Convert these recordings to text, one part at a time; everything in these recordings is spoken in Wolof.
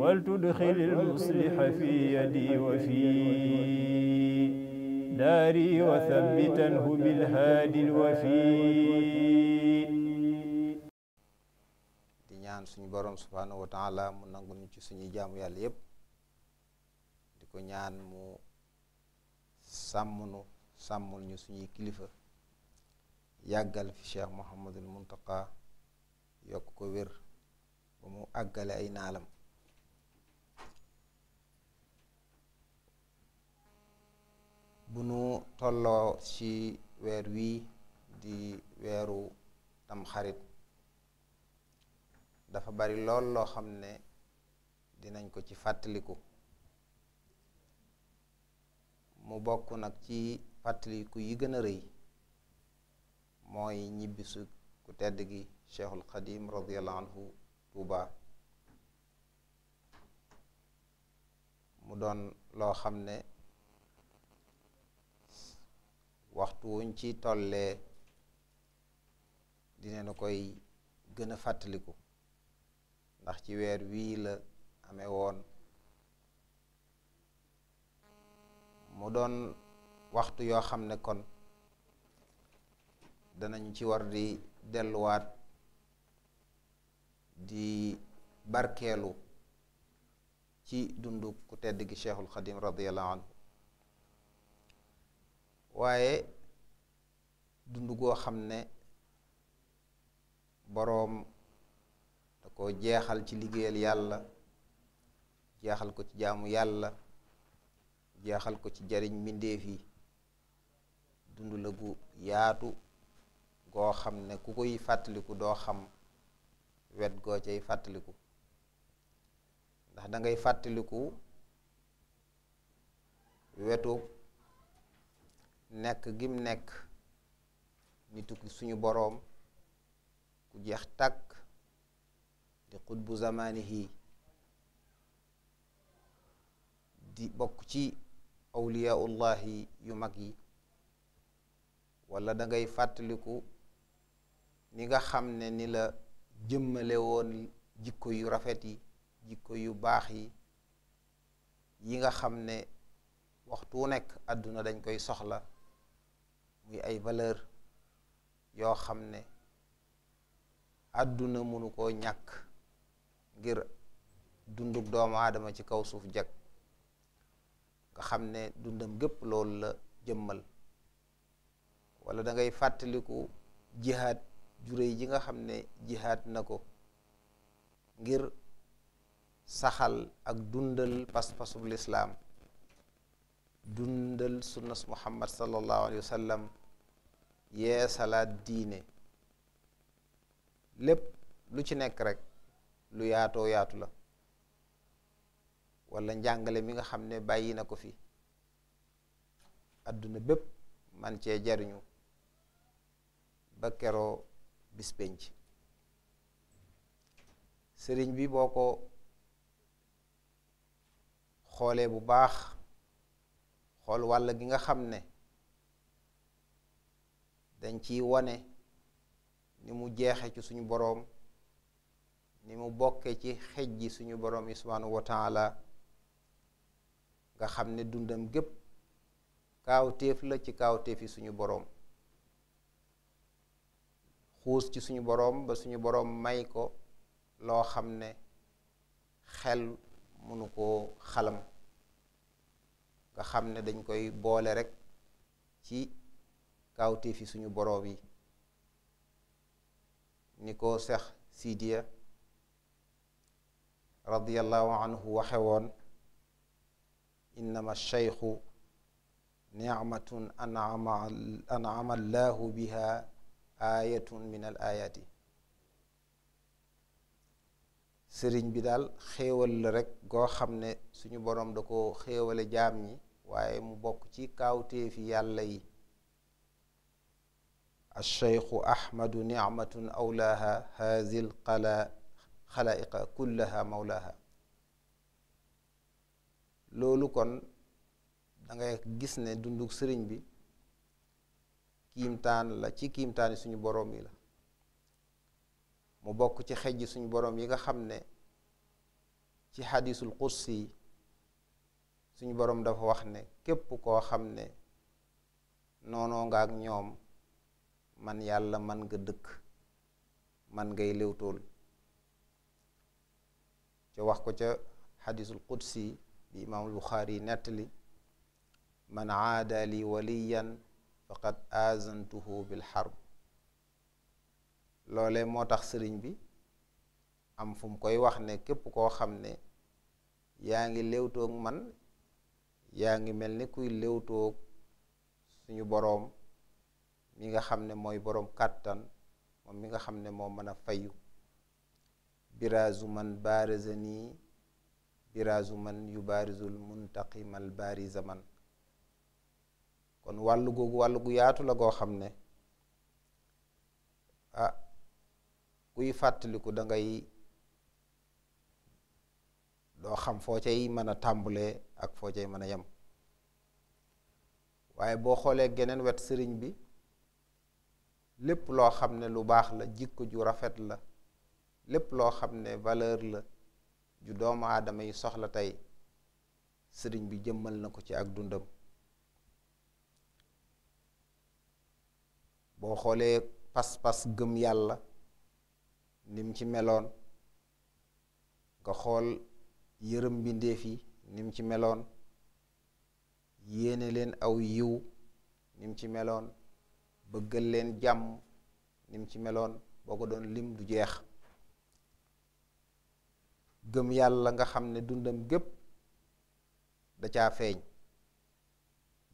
ولتدخل المصلح في يدي وفي داري وثبتنه بالهادي الوفي di ñaan suñu borom subhaanahu wa taala mu nangu ñu ci suñuy jaamu yàlla yépp di ko ñaan mu sàmmnu sàmmul ñu suñuy kilifa yàggal fi Cheikh Mouhamadul Muntaqa yokk ko wér ba mu àggale ay naalam bu tolloo ci weer wii di weeru tamxarit dafa bari lool loo xam ne dinañ ko ci fàttaliku mu bokk nag ci fàttaliku yi gën a rëy mooy ñibbisu ku tedd gi cheikhul xadim radiallahu anhu tuuba mu doon loo xam ne waxtu wuñ ci tollee dinañu koy gën a fàttaliku ndax ci weer wii la amee woon mu doon waxtu yoo xam ne kon danañ ci war di delluwaat di barkeelu ci dund ku tedd gi Cheikhul Xadim radiyallahu anhu waaye dund goo xam ne boroom da ko jeexal ci liggéeyal yàlla jeexal ko ci jaamu yàlla jeexal ko ci jariñ mbindéef yi dund la gu yaatu goo xam ne ku koy fàttaliku doo xam wet goo cay fàttaliku ndax dangay fàttaliku wetu nekk gim nekk nitu suñu boroom ku jeex tàkk di xutbu xii di bokk ci awliyaullahi yu mag yi wala dangay fàttaliku ni nga xam ne ni la jëmmale woon jikko yu rafet yi jikko yu baax yi yi nga xam ne waxtu wu nekk àdduna dañ koy soxla muy ay valeur yoo xam ne àdduna mënu koo ñàkk ngir dunduk doomu aadama ci kaw suuf jag nga xam ne dundam gépp loolu la jëmmal wala dangay ngay fàttaliku jihaad juréy ji nga xam ne jihaad na ko ngir saxal ak dundal pas-pasub lislaam dundal sunnas muhammad sallallahu alayhi wa yee salaat diine lépp lu ci nekk rek lu yaatoo yaatu la wala njàngale mi nga xam ne bàyyi na ko fi àdduna bépp man cee jariñu ba keroo bis sëriñ bi boo ko xoolee bu baax xool wàll gi nga xam ne dañ ciy wane ni mu jeexe ci suñu boroom ni mu bokke ci xëj ji suñu boroom yi subhaanahu wa taala nga xam ne dundam gépp kaawteef la ci kaawteef yi suñu boroom xuus ci suñu boroom ba suñu boroom may ko loo xam ne xel mënu koo xalam nga xam ne dañ koy boole rekk ci kawte suñu boroom yi ni ko seex siidiya radiallahu waxewoon innama sheyxu nicmatun anama anama allahu biha aayatun min al aayaati sëriñ bi daal xéewal la rek goo xam ne suñu boroom da ko xéewale jaam ñi waaye mu bokk ci kaawteefi yàlla yi alcheikhu ahmadu nicmatun awlaaha haasi l xalaaiqa kullaha mawlaaha loolu kon dangay gis ne dundug sëriñ bi kiimtaan la ci kiimtaani suñu boroom yi la mu bokk ci xejj suñu boroom yi nga xam ne ci xadiisul qudsi suñu boroom dafa wax ne képp koo xam ne noonoo nga ak ñoom man yàlla man nga dëkk man ngay léwtool ca wax ko ca xadiisul qudsi bi imaamul buxaari nettali man aada li waliyan faqad aazantuhu bil xarb loole moo tax sëriñ bi am fu mu koy wax ne képp koo xam ne yaa ngi léwtoog man yaa ngi mel ni kuy léwtoog suñu boroom mi nga xam ne mooy boroom kàttan moom mi nga xam ne moo mën a fayu biraazu man baariza nii biraazu man yu baarizul muntaqimal baariza man kon wàllu googu wàllu gu yaatu la goo xam ne ah kuy fàttaliku dangay doo xam foo cay mën a tàmbulee ak foo cay mën a yem waaye boo xoolee geneen wet sëriñ bi lépp loo xam ne lu baax la jikko ju rafet la lépp loo xam ne valeur la ju doomu aadama yi soxla tey sëriñ bi jëmmal na ko ci ak dundam boo xoolee pas-pas gëm yàlla nim ci meloon nga xool yërëm mbindeef yi nim ci meloon yéene leen aw yiw nim ci meloon bëggal leen jàmm nim ci meloon boo ko doon lim du jeex gëm yàlla nga xam ne dundam gépp da caa feeñ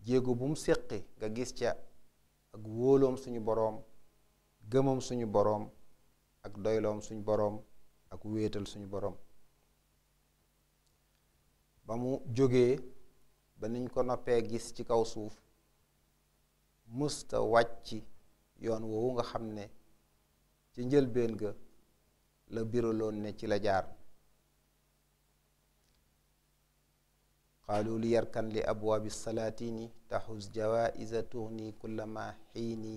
jéego bum mu séqi nga gis ca ak wóoloom suñu boroom gëmam suñu boroom ak doyloom suñu boroom ak wéetal suñu boroom ba mu jógee ba niñ ko noppee gis ci kaw suuf musta wàcc yoon woowu nga xam ne ci njëlbeen ga la biraloon ne ci la jaar qaalu li yarkan abwaabi salaatini taxus jawaaiza tuxni kullama xiini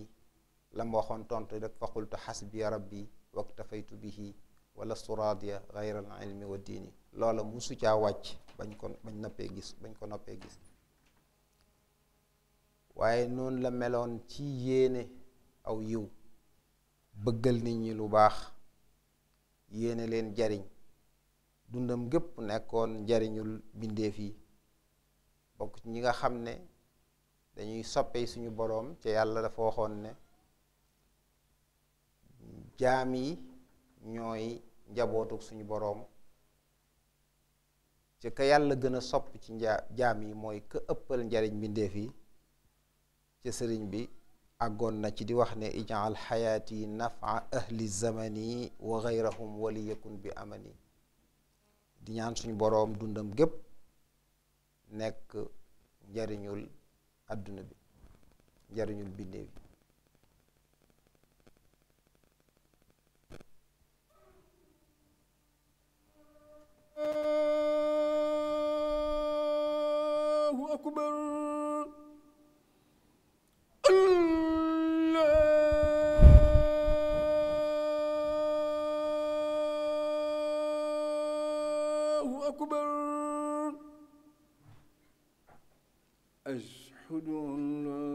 la ma waxoon tontu rek fa qultu xasbi rabbi waktafaytu bihi wala suraadiya xayral ilmi wa diini loola musu caa wàcc bañ ko bañ noppee gis bañ ko noppee gis waaye noonu la meloon ci yéene aw yiw bëggal nit ñi lu baax yéene leen jariñ dundam gépp nekkoon njariñul mbindeef yi bokk ci ñi nga xam ne dañuy soppe suñu boroom ca yàlla dafa waxoon ne jaam yi ñooy njabootuk suñu boroom ci ka yàlla gën a sopp ci jaam yi mooy ka ëppal njariñ mbindeef yi ci sëriñ bi àggoon na ci di wax ne ijaal xayaati nafa ahli zamani wa gayrahum waliyakun bi amani di ñaan suñu boroom dundam gépp nekk njariñul àdduna bi njariñul mbindeef yi الله أكبر الله أكبر أشهد أن لا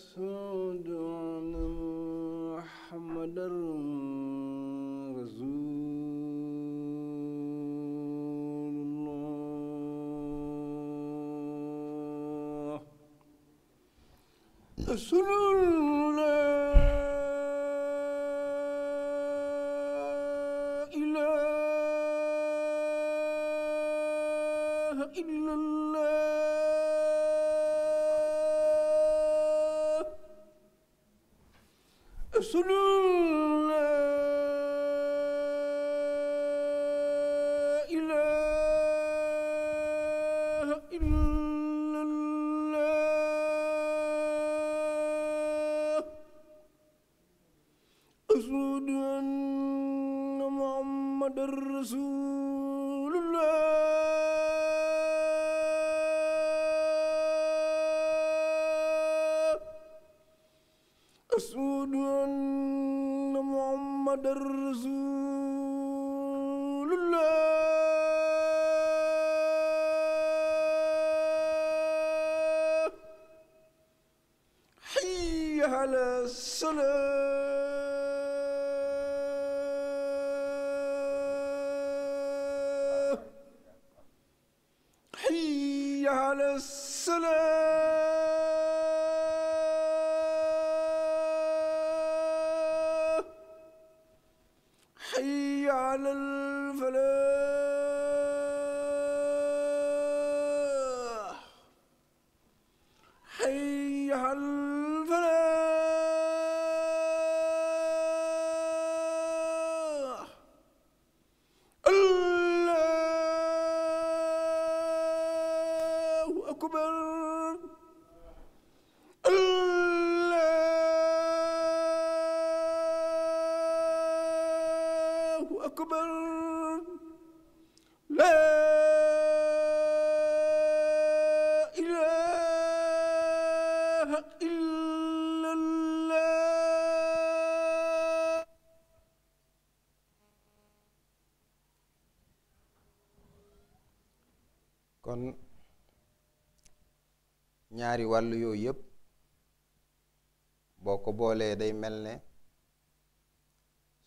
على السلام wàllu yooyu yépp boo ko boolee day mel ne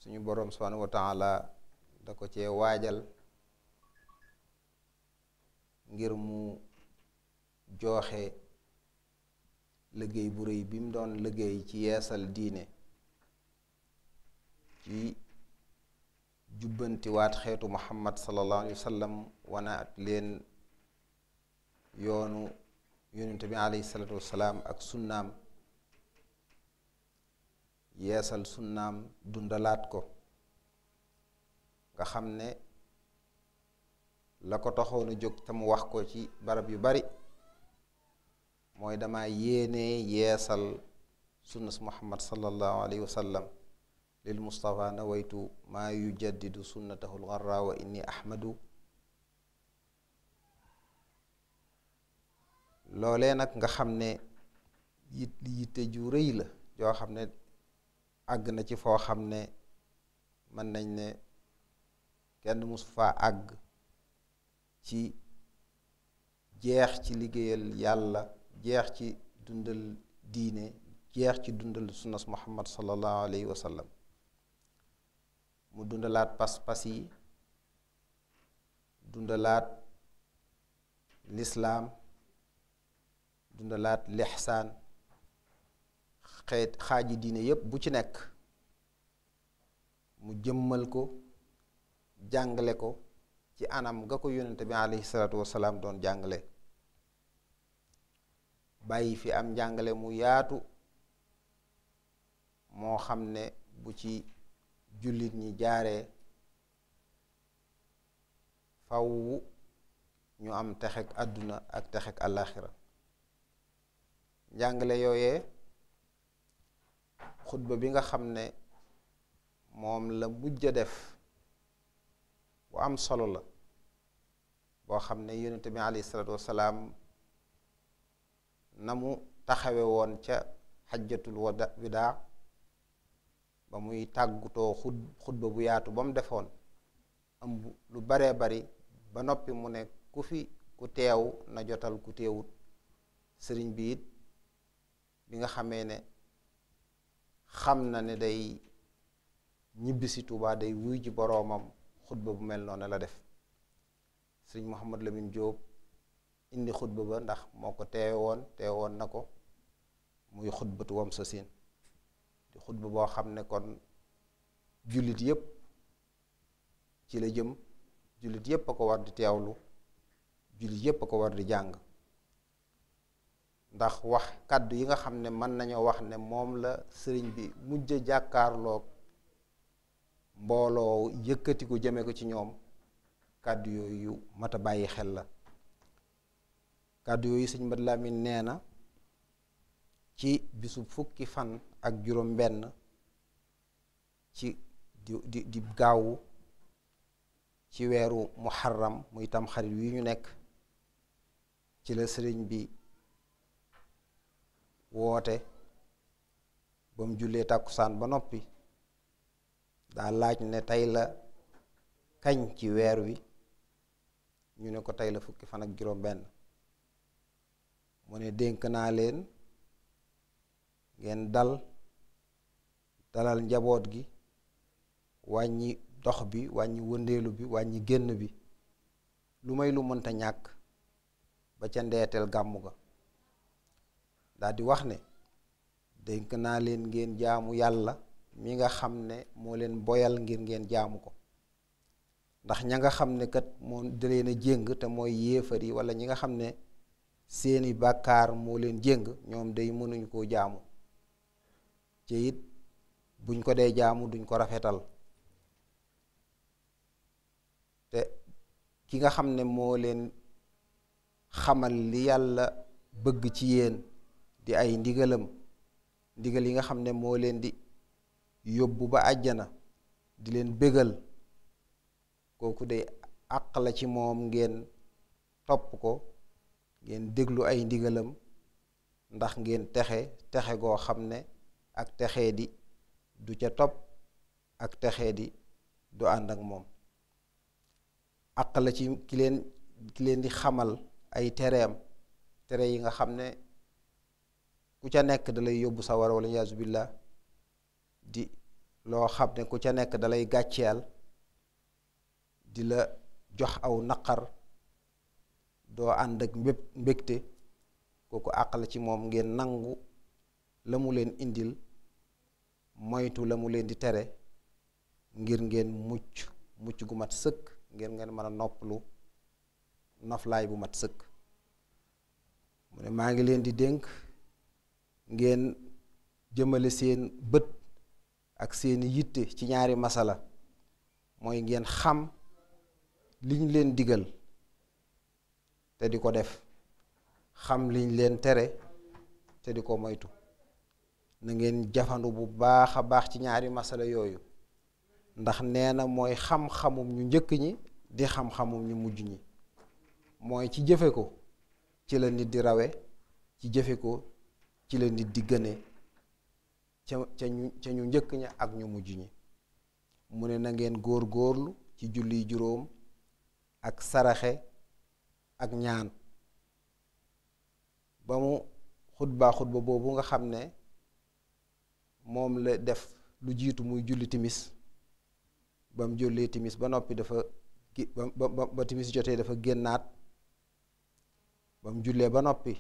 suñu boroom subhanahu wa da ko cee waajal ngir mu jooxe liggéey bu rëy bi mu doon liggéey ci yeesal diine ci jubbanti waat xeetu muhammad sallallahu alayhi wa sallam wanaat leen yoonu yonent bi alayhi salaatu ak sunnaam yeesal sunnaam dundalaat ko nga xam ne la ko taxoon a jóg te wax ko ci barab yu bari mooy dama yéene yeesal sunnas muhammad sallallahu alayhi wa sallam lil mustafa nawaytu maa yujaddidu sunnatahu lgarra wa inni ahmadu loolee nag nga xam ne yitte ju rëy la yoo xam ne àgg na ci foo xam ne mën nañ ne kenn mosu faa àgg ci jeex ci liggéeyal yàlla jeex ci dundal diine jeex ci dundal sunnas muhammad sallallahu alayhi wa mu dundalaat pas-pas yi dundalaat lislaam dundalaat lixsaan xeet xaaji diine yépp bu ci nekk mu jëmmal ko jàngale ko ci anam nga ko yonent bi alayhi salaatu wasalaam doon jàngale bàyyi fi am njàngale mu yaatu moo xam ne bu ci jullit ñi jaaree faw ñu am texek àdduna ak texek àllaaxira njàngale yooyee xutba bi nga xam ne moom la mujj a def bu am solo la boo xam ne yonent bi alayhi salaatu wasalaam na mu taxawe woon ca xajjatul wadaa ba muy tàggutoo xud xutba bu yaatu ba mu defoon ëmb lu baree bari ba noppi mu ne ku fi ku teew na jotal ku teewut sëriñ bi it bi nga xamee ne xam na ne day ñibbisi Tuubaa day wuy boroomam xutba bu mel noonu la def sëriñ Mouhamad Lamine jóob indi xutba ba ndax moo ko teewe woon teewe woon na ko muy xutbatu wam sosin di xutba boo xam ne kon jullit yépp ci la jëm jullit yépp a ko war di teewlu jullit yépp a ko war di jàng ndax wax kàddu yi nga xam ne mën nañoo wax ne moom la sëriñ bi mujj jàkkaarloog mbooloo yëkkatiku jëme ko ci ñoom kàddu yooyu mat bàyyi xel la kàddu yooyu sëñ Mat Lamin nee na ci bisu fukki fan ak juróom benn ci di di di gaawu ci weeru muharram mu tam xarit wi ñu nekk ci la sëriñ bi woote ba mu jullee tàkkusaan ba noppi daa laaj ne tey la kañ ci weer wi ñu ne ko tey la fukki fan ak juróom benn mu ne dénk naa leen ngeen dal dalal njaboot gi wàññi dox bi wàññi wëndeelu bi wàññi génn bi lu may lu mënta ñàkk ba ca ndeeteel gàmmu ga daal wax ne dénk naa leen ngeen jaamu yàlla mi nga xam ne moo leen boyal ngir ngeen jaamu ko ndax ña nga xam ne kat moo da a jéng te mooy yéefar yi wala ñi nga xam ne seeni bàkkaar moo leen jëng ñoom day mënuñu koo jaamu ci it buñ ko dee jaamu duñ ko rafetal te ki nga xam ne moo leen xamal li yàlla bëgg ci yéen di ay ndigalam ndigal yi nga xam ne moo leen di yóbbu ba àjjana di leen bégal kooku de àq la ci moom ngeen topp ko ngeen déglu ay ndigalam ndax ngeen texe texe goo xam ne ak texee di du ca topp ak texe di du ànd ak moom àq la ci ki leen ki leen di xamal ay teream tere yi nga xam ne ku ca nekk dalay yóbbu sawara wala yaasu billah di loo xam ne ku ca nekk dalay gàcceel di la jox aw naqar doo ànd ak mbé mbégte kooku àq ci moom ngeen nangu la mu leen indil moytu la mu leen di tere ngir ngeen mucc mucc gu mat sëkk ngir ngeen mën a noppalu noflaay bu mat sëkk mu ne maa ngi leen di dénk ngeen jëmale seen bët ak seeni yitte ci ñaari masala mooy ngeen xam liñ leen digal te di ko def xam liñ leen tere te di ko moytu na ngeen jafandu bu baax a baax ci ñaari masala yooyu ndax nee na mooy xam-xamum ñu njëkk ñi di xam-xamum ñu mujj ñi mooy ci jëfe ko ci la nit di rawe ci jëfe ko ci la nit di gëne ca ca ñu ca ñu njëkk ña ak ñu mujj ñi mu ne na ngeen góor góorlu ci julli juróom ak saraxe ak ñaan ba mu xutbaa xutba boobu nga xam ne moom la def lu jiitu muy julli timis ba mu julli timis ba noppi dafa ba ba ba timis jotee dafa génnaat ba mu jullee ba noppi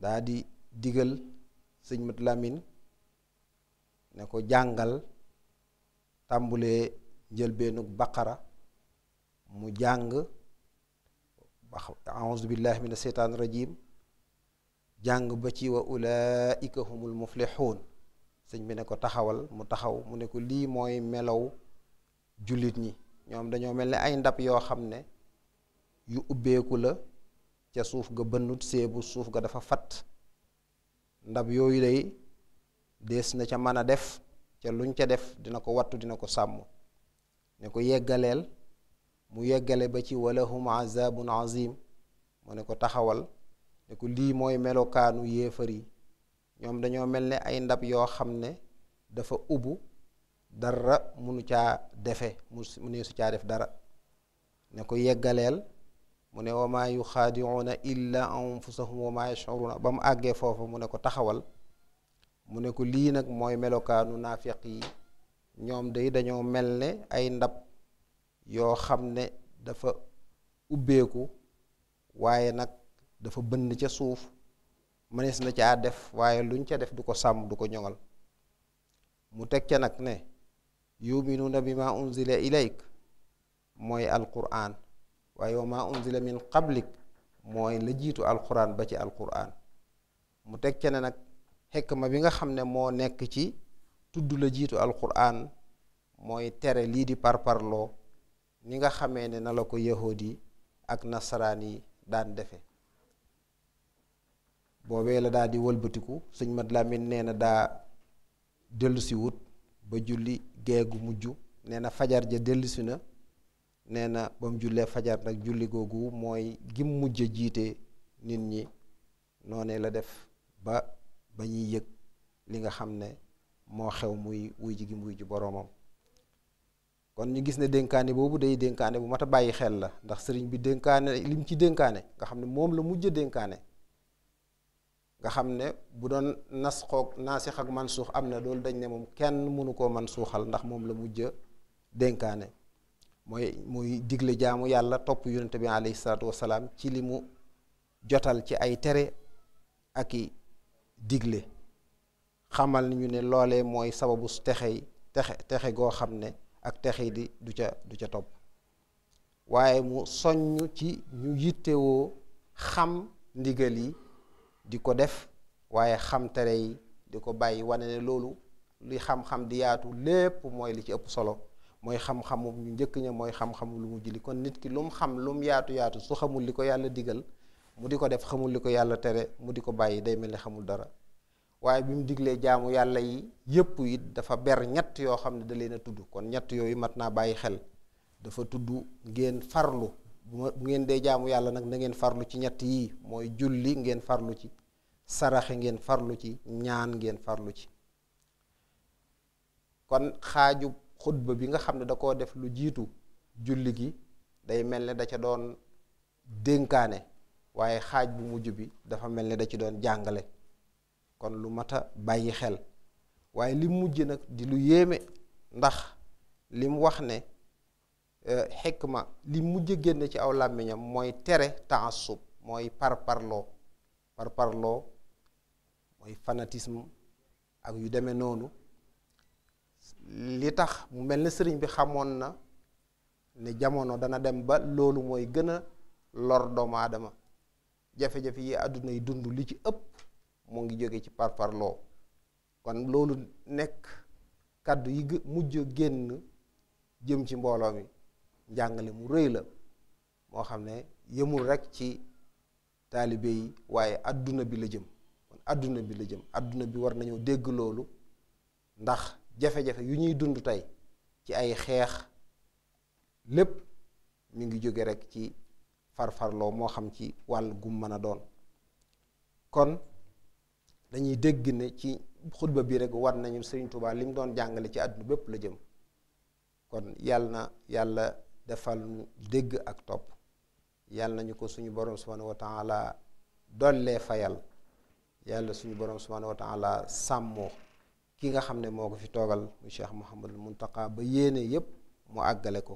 daa di digal sëñ mat lamin ne ko jàngal tàmbulee njëlbeenug baqara mu jàng auzu billahi min asheytaan rajim jàng ba ci wa ulaika humul muflixuun sëñ bi ne ko taxawal mu taxaw mu ne ko lii mooy melow jullit ñi ñoom dañoo mel ni ay ndab yoo xam ne yu ubbeeku la ca suuf ga bënnut seebu suuf ga dafa fatt ndab yooyu lay dees na ca mën a def ca luñ ca def dina ko wattu dina ko sàmm ne ko yeggaleel mu yeggale ba ci walahum azabun azim mu ne ko taxawal ne ko lii mooy melokaanu yéefar yi ñoom dañoo mel ne ay ndab yoo xam ne dafa ubbu dara munu caa defe mu ne su caa def dara ne ko yeggaleel mu ne wa maa yuxaadicuuna illa anfusahum wa maa yashcuruuna ba mu àggee foofu mu ne ko taxawal mu ne ko lii nag mooy melokaanu naafiq yi ñoom day dañoo mel ne ay ndab yoo xam ne dafa ubbeeku waaye nag dafa bënn ca suuf mënees na caa def waaye luñ ca def du ko sàmm du ko ñoŋal mu teg ca nag ne yuminuuna bi ma unzila ilayk mooy alquran waaye wa maa unzila min mooy la jiitu alxuraan ba ci alquran mu teg ca ne nag ma bi nga xam ne moo nekk ci tudd la jiitu alquran mooy tere lii di parparloo ni nga xamee ne na la ko yahood yi ak nasaraan yi daan defe boobee la daa di walbatiku sëñ ma lamin nee na daa dellusi wut ba julli geegu mujj nee na fajar ja dellusi na nee na ba mu jullee fajar nag julli googu mooy gim mujj a jiite nit ñi noonee la def ba ba ñuy yëg li nga xam ne moo xew muy wuy ji gim wuy ji boroomam kon ñu gis ne dénkaane boobu day dénkaane bu mat a bàyyi xel la ndax sëriñ bi dénkaane lim ci dénkaane nga xam ne moom la mujj a dénkaane nga xam ne bu doon nas xoog naasix man suux am na loolu dañ ne moom kenn mënu koo man suuxal ndax moom la mujj a dénkaane mooy muy digle jaamu yàlla topp yonente bi alayhi salaatu wasalaam ci li mu jotal ci ay tere aki digle xamal ñu ne loole mooy sababu texey texe texe goo xam ne ak texe di du ca du ca topp waaye mu soññ ci ñu yittewoo xam ndigal yi di ko def waaye xam tere yi di ko bàyyi wane ne loolu li xam-xam di yaatu lépp mooy li ci ëpp solo mooy xam-xamu ñu njëkk ña mooy xam-xamu lu mu jili kon nit ki lu mu xam lu mu yaatu yaatu su xamul li ko yàlla digal mu di ko def xamul li ko yàlla tere mu di ko bàyyi day mel ni xamul dara waaye bi mu diglee jaamu yàlla yi yëpp it dafa ber ñett yoo xam ne da leen a tudd kon ñett yooyu mat naa bàyyi xel dafa tudd ngeen farlu bu ngeen dee jaamu yàlla nag na ngeen farlu ci ñett yi mooy julli ngeen farlu ci saraxe ngeen farlu ci ñaan ngeen farlu ci xutba bi nga xam ne da koo def lu jiitu julli gi day mel ne da ca doon dénkaane waaye xaaj bu mujj bi dafa mel ne da ci doon jàngale kon lu mat a bàyyi xel waaye li mujj nag di lu yéeme ndax li wax ne e, xekk ma li mujj génn ci aw làmmiñam mooy tere taassub mooy parparloo parloo mooy fanatisme ak yu demee noonu li tax mu mel ne sëriñ bi xamoon na ne jamono dana dem ba loolu mooy gën a lor doomu aadama jafe-jafe yi àdduna yi dund li ci ëpp mu ngi jóge ci parparloo kon loolu nekk kàddu yi mujj génn jëm ci mbooloo mi njàngale mu réy la moo xam ne yëmul rekk ci taalibe yi waaye àdduna bi la jëm kon àdduna bi la jëm àdduna bi war nañoo dégg loolu ndax jafe-jafe yu ñuy dund tey ci ay xeex lépp mi ngi jóge rek ci farfarloo moo xam ci wàll gu mën a doon kon dañuy dégg ne ci xutba bi rek war nañu Sëriñ Tuubaa lim doon jàngale ci àdduna bépp la jëm kon yàlla na yàlla defal nu dégg ak topp yàlla nañu ko suñu borom subhaanahu wa taala dollee fayal yàlla suñu borom subhaanahu wa sàmmoo kii nga xam ne moo ko fi toogal mu cheikh Mouhamadul Muntaqa ba yéene yépp mu àggale ko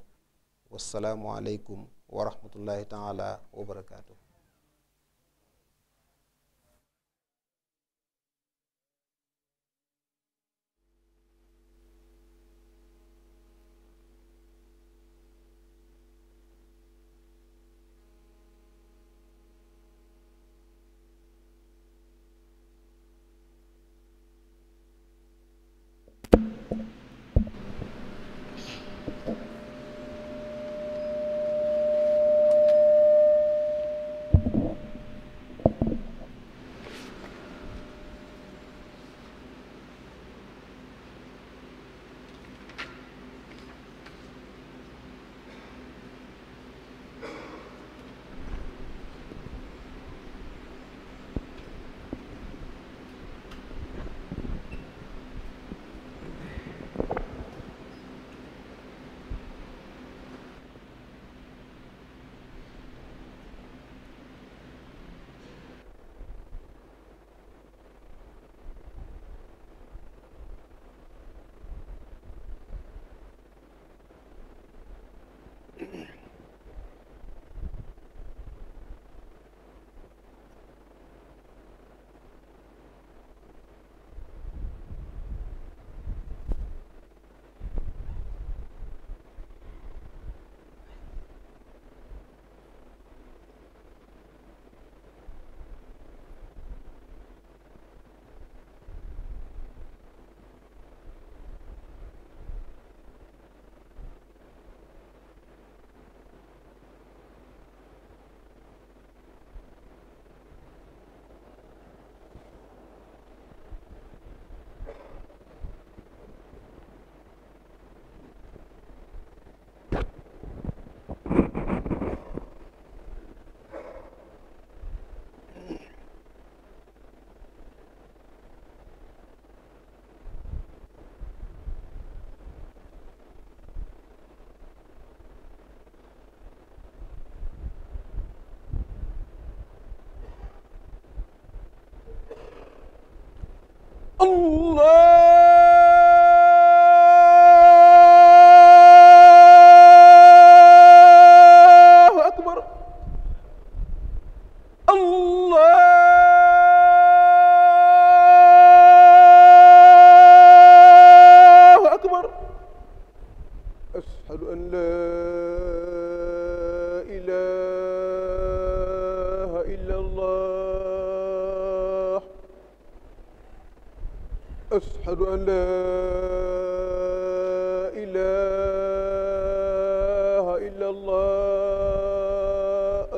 wasalaamualeykum wa rahmatullahi taala wa barakaatu. Allah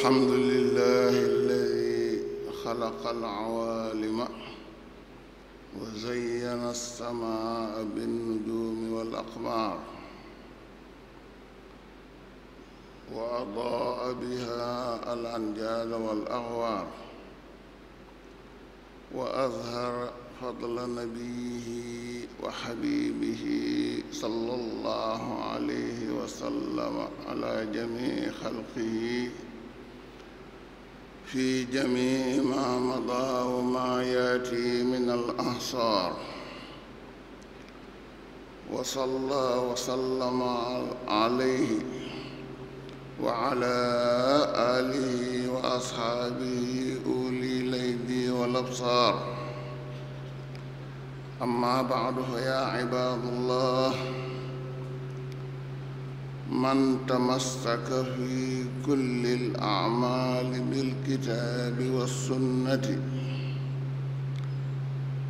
الحمد لله الذي خلق العوالم وزين السماء بالنجوم والأقمار وأضاء بها الأنجال والأغوار وأظهر فضل نبيه وحبيبه صلى الله عليه وسلم على جميع خلقه في جميع ما مضى وما ياتي من الاعصار وصلى وسلم عليه وعلى اله واصحابه اولي الايدي والابصار اما بعد فيا عباد الله من تمسك في كل الأعمال بالكتاب والسنة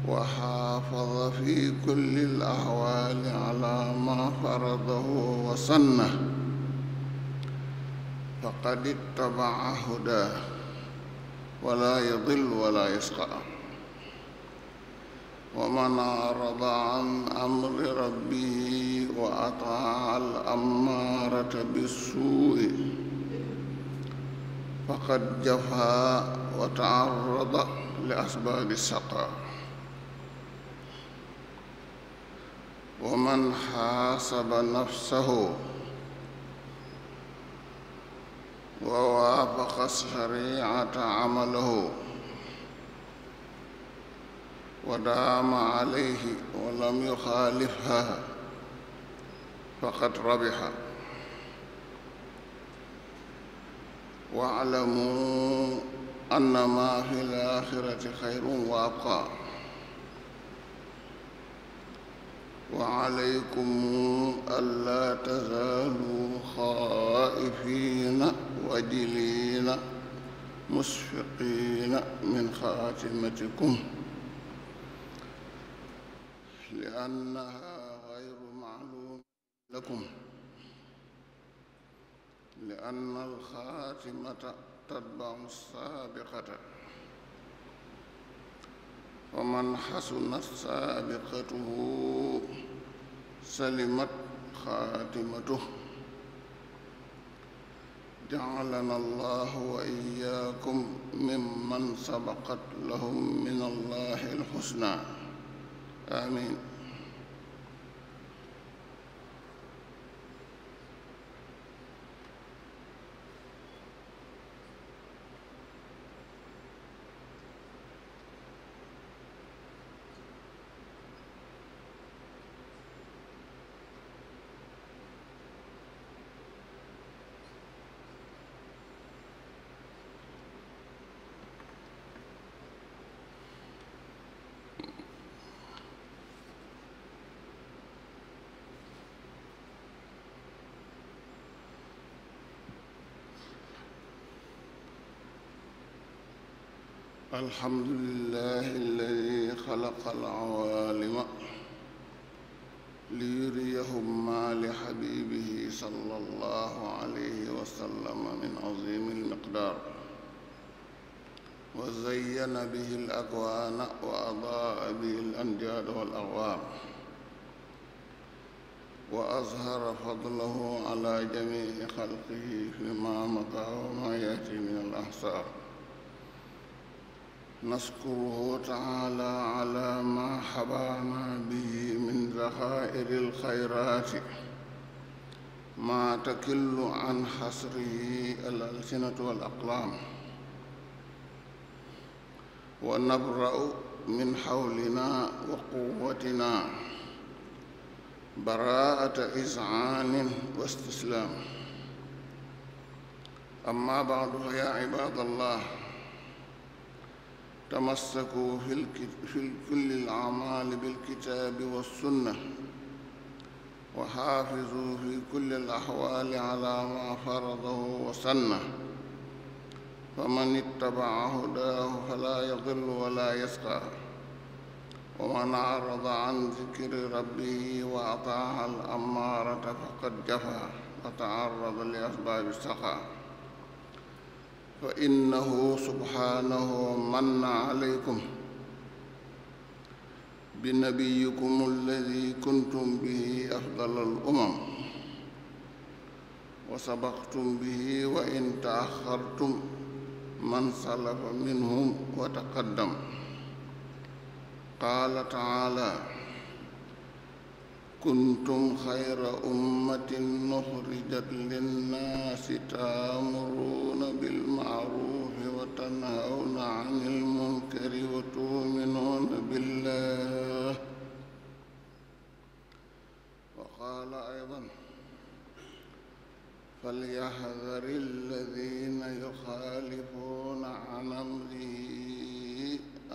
وحافظ في كل الأحوال على ما فرضه وسنه فقد اتبع هداه ولا يضل ولا يشقى ومن أعرض عن أمر ربه وأطاع الأمارة بالسوء فقد جفا وتعرض لأسباب السقى ومن حاسب نفسه ووافق الشريعة عمله ودام عليه ولم يخالفها faqad rabiha waalamu anna ma fi laaxirati xayrun wa abqa wa alaykum allaa tazaalu xaa'ifiina wajiliina musfiqiina min xaatimatikum li annaha لكم لأن الخاتمة تتبع السابقة ومن حسنت سابقته سلمت خاتمته جعلنا الله وإياكم ممن سبقت لهم من الله الحسنى آمين الحمد لله الذي خلق العوالم ليريهما لحبيبه صلى الله عليه وسلم من عظيم المقدار وزين به الأكوان وأضاء به الأنجاد والأغوام وأظهر فضله على جميع خلقه فيما مضى وما يأتي من الأحصار نشكره تعالى على ما حبانا به من ذخائر الخيرات ما تكل عن حصره الألسنة والأقلام ونبرأ من حولنا وقوتنا براءة إذعان واستسلام أما بعد يا عباد الله تمسكوا في, في كل الأعمال بالكتاب والسنة وحافظوا في كل الأحوال على ما فرضه وسنه فمن اتبع هداه فلا يضل ولا يشقى ومن أعرض عن ذكر ربه وأطاع الأمارة فقد جفا وتعرض لأسباب السخاء fa innahu subhaanahu manna alaykum bi nabiyikum alladi kuntum bihi afdala al umam wa sabaqtum bihi wa in taaxartum man salafa minhum wa taqaddam qaala taala كنتم خير أمة أخرجت للناس تأمرون بالمعروف وتنهون عن المنكر وتؤمنون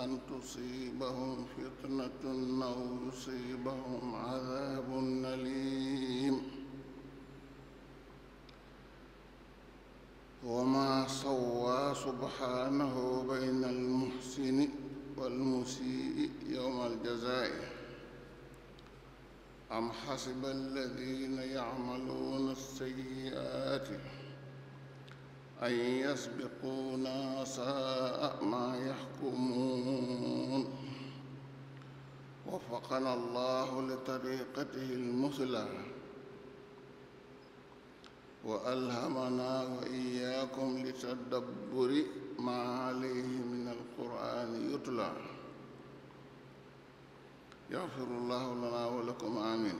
أن تصيبهم فتنة أو يصيبهم عذاب أليم وما سوى سبحانه بين المحسن والمسيء يوم الجزاء أم حسب الذين يعملون السيئات أن يسبقونا ساء ما يحكمون وفقنا الله لطريقته المثلى وألهمنا وإياكم لتدبر ما عليه من القرآن يتلى يغفر الله لنا ولكم آمين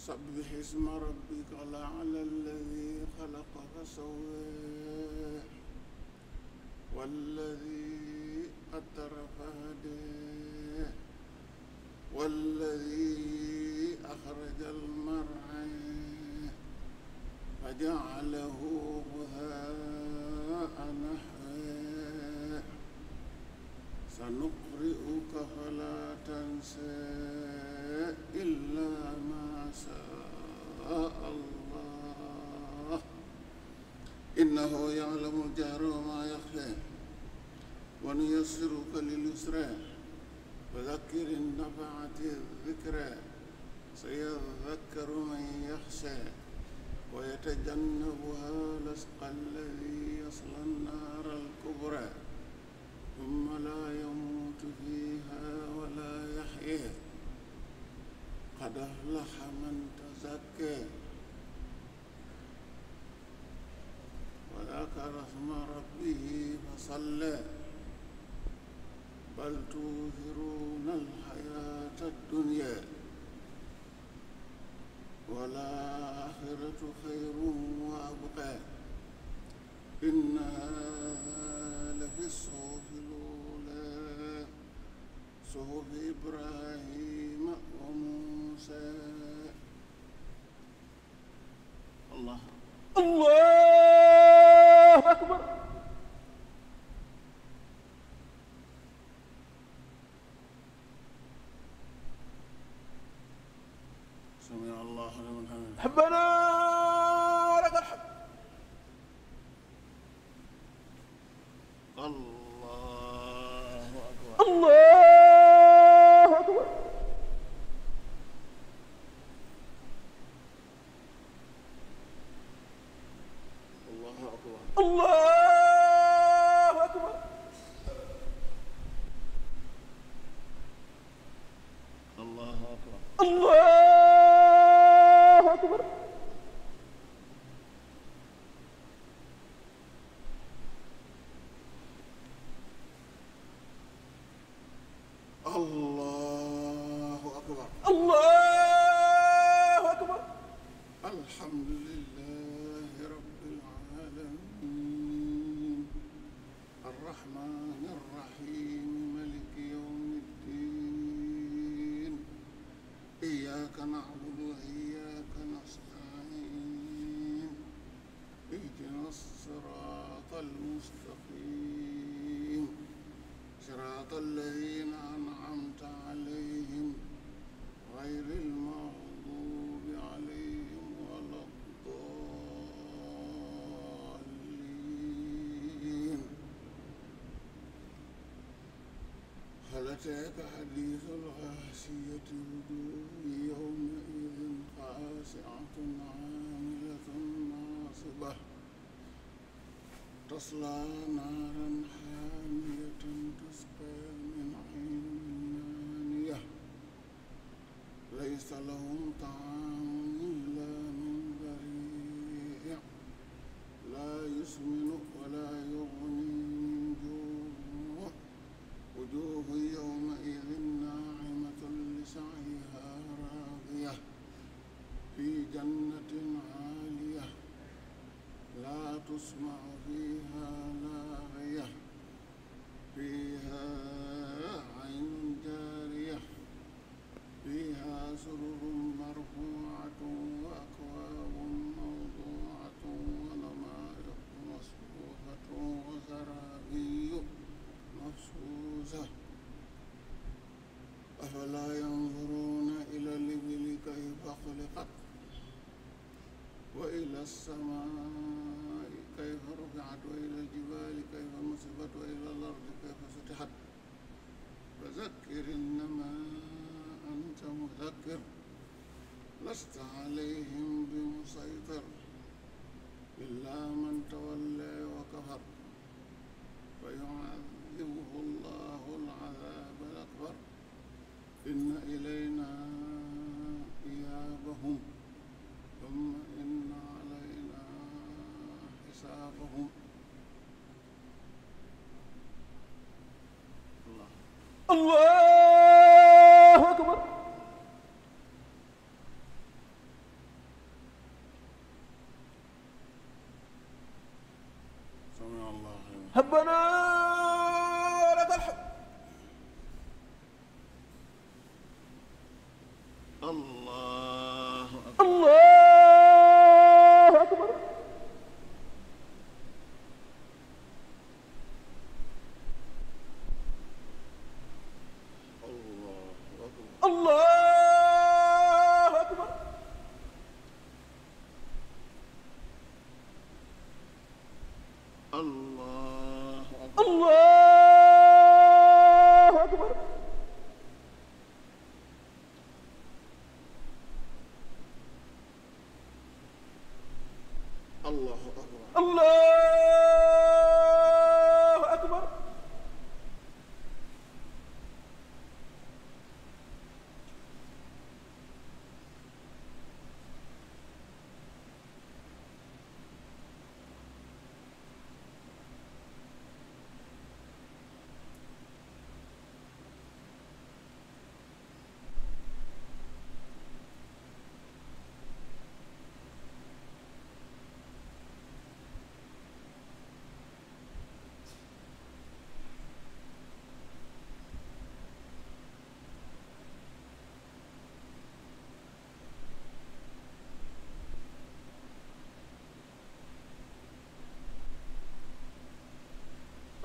sabbih isma rabbika al-a'la alladhi khalaqa fasawwa walladhi qaddara fahada walladhi akhraja al-mar'a faja'alahu ghutha'an nahwa sanuqri'uka fala tansa illa ma شاء الله إنه يعلم الجهر وما يخفى ونيسرك لليسرى وذكر النفعة الذكرى سيذكر من يخشى ويتجنبها الأشقى الذي يصلى النار الكبرى ثم لا يموت فيها ولا يحيا قد أفلح من تزكى وذكر اسم ربه فصلى بل توثرون الحياة الدنيا والآخرة خير وأبقى إن هذا لفي الصحف الأولى صحف إبراهيم موسى الله الله أتاك حديث الغاشية وجوه يومئذ خاشعة عاملة ناصبة تصلى نارا حامية تسقى من عين آنية ليس لهم طعام la الله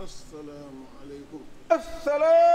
asalaamaaleykum. asalaam.